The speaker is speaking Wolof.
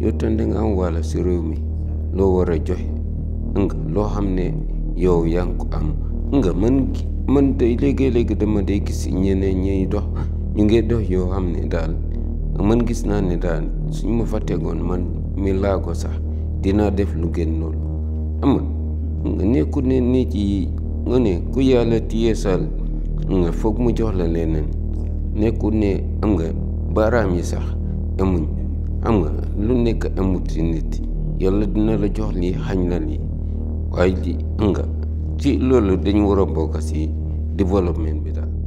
yow tam da am wàll si réew mi loo war a joxe nga loo xam ne yow yaa am nga man man day léegi-léegi dama day gis ñeneen ñiy dox ñu ngi dox yoo xam ne daal man gis naa ne daal suñ ma fa tegoon man mi laa ko sax dinaa def lu génn loolu am nga nekkul ne nit yi nga ne ku yàlla téye sal nga foog mu jox la leneen nekkul ne am nga baaraam yi sax amuñ am nga lu nekk amut ci nit yàlla dina la jox lii xañ la lii waaye li am nga ci loolu dañu war a bokk si développement bi daal